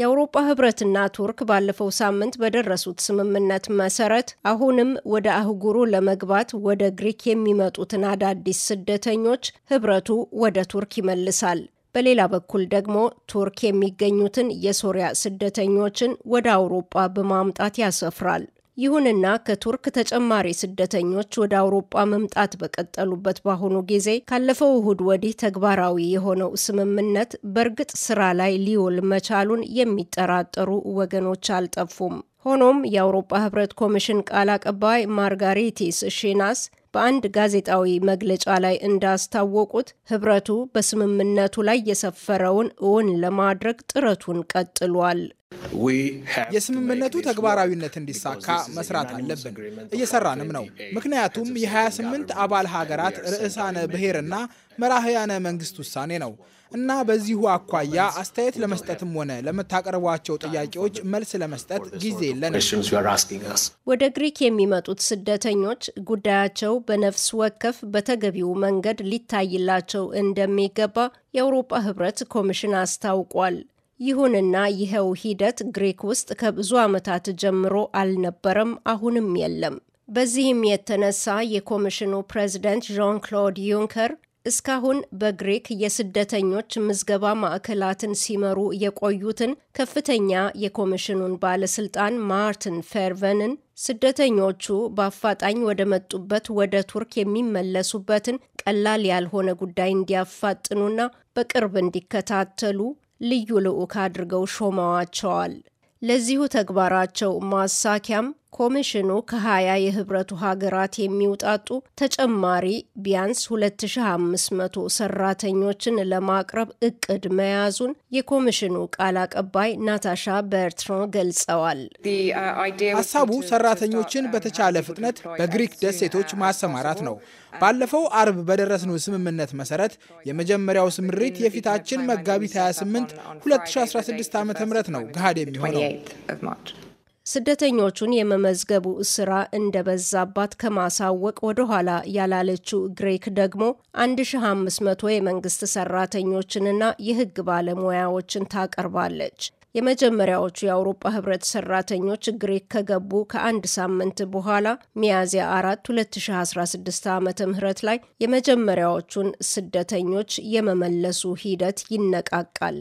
የአውሮፓ ህብረትና ቱርክ ባለፈው ሳምንት በደረሱት ስምምነት መሰረት አሁንም ወደ አህጉሩ ለመግባት ወደ ግሪክ የሚመጡትን አዳዲስ ስደተኞች ህብረቱ ወደ ቱርክ ይመልሳል። በሌላ በኩል ደግሞ ቱርክ የሚገኙትን የሶሪያ ስደተኞችን ወደ አውሮፓ በማምጣት ያሰፍራል። ይሁንና ከቱርክ ተጨማሪ ስደተኞች ወደ አውሮጳ መምጣት በቀጠሉበት በአሁኑ ጊዜ ካለፈው እሁድ ወዲህ ተግባራዊ የሆነው ስምምነት በእርግጥ ስራ ላይ ሊውል መቻሉን የሚጠራጠሩ ወገኖች አልጠፉም። ሆኖም የአውሮጳ ህብረት ኮሚሽን ቃል አቀባይ ማርጋሪቲስ ሺናስ በአንድ ጋዜጣዊ መግለጫ ላይ እንዳስታወቁት ህብረቱ በስምምነቱ ላይ የሰፈረውን እውን ለማድረግ ጥረቱን ቀጥሏል። የስምምነቱ ተግባራዊነት እንዲሳካ መስራት አለብን። እየሰራንም ነው። ምክንያቱም የ28 አባል ሀገራት ርዕሳነ ብሔርና መራህያነ መንግስት ውሳኔ ነው እና በዚሁ አኳያ አስተያየት ለመስጠትም ሆነ ለምታቀርቧቸው ጥያቄዎች መልስ ለመስጠት ጊዜ የለንም። ወደ ግሪክ የሚመጡት ስደተኞች ጉዳያቸው በነፍስ ወከፍ በተገቢው መንገድ ሊታይላቸው እንደሚገባ የአውሮፓ ህብረት ኮሚሽን አስታውቋል። ይሁንና ይኸው ሂደት ግሪክ ውስጥ ከብዙ ዓመታት ጀምሮ አልነበረም፣ አሁንም የለም። በዚህም የተነሳ የኮሚሽኑ ፕሬዚደንት ዣን ክሎድ ዩንከር እስካሁን በግሪክ የስደተኞች ምዝገባ ማዕከላትን ሲመሩ የቆዩትን ከፍተኛ የኮሚሽኑን ባለስልጣን ማርትን ፌርቨንን ስደተኞቹ በአፋጣኝ ወደ መጡበት ወደ ቱርክ የሚመለሱበትን ቀላል ያልሆነ ጉዳይ እንዲያፋጥኑና በቅርብ እንዲከታተሉ ልዩ ልዑክ አድርገው ሾመዋቸዋል። ለዚሁ ተግባራቸው ማሳኪያም ኮሚሽኑ ከ20 የህብረቱ ሀገራት የሚውጣጡ ተጨማሪ ቢያንስ 2500 ሰራተኞችን ለማቅረብ እቅድ መያዙን የኮሚሽኑ ቃል አቀባይ ናታሻ በርትሮን ገልጸዋል። ሀሳቡ uh, ሰራተኞችን uh, በተቻለ uh, ፍጥነት በግሪክ ደሴቶች ማሰማራት ነው። ባለፈው አርብ በደረስነው ስምምነት መሰረት የመጀመሪያው ስምሪት የፊታችን መጋቢት 28 2016 ዓ ም ነው ገሃድ የሚሆነው። ስደተኞቹን የመመዝገቡ ስራ እንደበዛባት ከማሳወቅ ወደኋላ ያላለችው ግሬክ ደግሞ 1500 የመንግስት ሰራተኞችንና የህግ ባለሙያዎችን ታቀርባለች። የመጀመሪያዎቹ የአውሮፓ ህብረት ሰራተኞች ግሪክ ከገቡ ከአንድ ሳምንት በኋላ ሚያዝያ አራት 2016 ዓ ምህረት ላይ የመጀመሪያዎቹን ስደተኞች የመመለሱ ሂደት ይነቃቃል።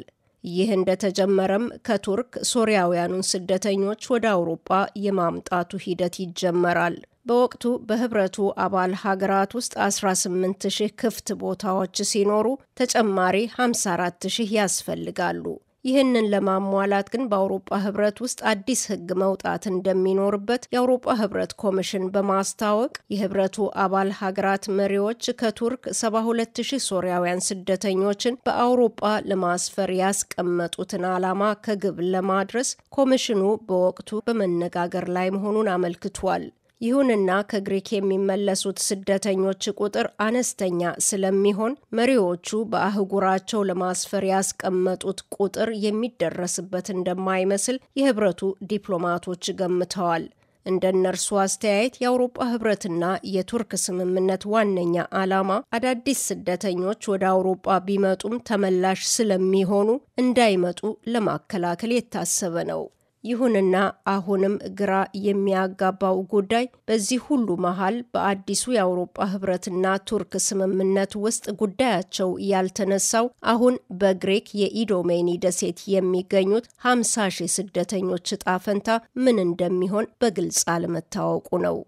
ይህ እንደተጀመረም ከቱርክ ሶሪያውያኑን ስደተኞች ወደ አውሮጳ የማምጣቱ ሂደት ይጀመራል። በወቅቱ በህብረቱ አባል ሀገራት ውስጥ 18 ሺህ ክፍት ቦታዎች ሲኖሩ ተጨማሪ 54 ሺህ ያስፈልጋሉ። ይህንን ለማሟላት ግን በአውሮፓ ህብረት ውስጥ አዲስ ህግ መውጣት እንደሚኖርበት የአውሮፓ ህብረት ኮሚሽን በማስታወቅ የህብረቱ አባል ሀገራት መሪዎች ከቱርክ 72000 ሶሪያውያን ስደተኞችን በአውሮፓ ለማስፈር ያስቀመጡትን ዓላማ ከግብ ለማድረስ ኮሚሽኑ በወቅቱ በመነጋገር ላይ መሆኑን አመልክቷል። ይሁንና ከግሪክ የሚመለሱት ስደተኞች ቁጥር አነስተኛ ስለሚሆን መሪዎቹ በአህጉራቸው ለማስፈር ያስቀመጡት ቁጥር የሚደረስበት እንደማይመስል የህብረቱ ዲፕሎማቶች ገምተዋል። እንደ እነርሱ አስተያየት የአውሮፓ ህብረትና የቱርክ ስምምነት ዋነኛ ዓላማ አዳዲስ ስደተኞች ወደ አውሮፓ ቢመጡም ተመላሽ ስለሚሆኑ እንዳይመጡ ለማከላከል የታሰበ ነው። ይሁንና አሁንም ግራ የሚያጋባው ጉዳይ በዚህ ሁሉ መሀል በአዲሱ የአውሮፓ ህብረትና ቱርክ ስምምነት ውስጥ ጉዳያቸው ያልተነሳው አሁን በግሪክ የኢዶሜኒ ደሴት የሚገኙት ሀምሳ ሺህ ስደተኞች እጣ ፈንታ ምን እንደሚሆን በግልጽ አለመታወቁ ነው።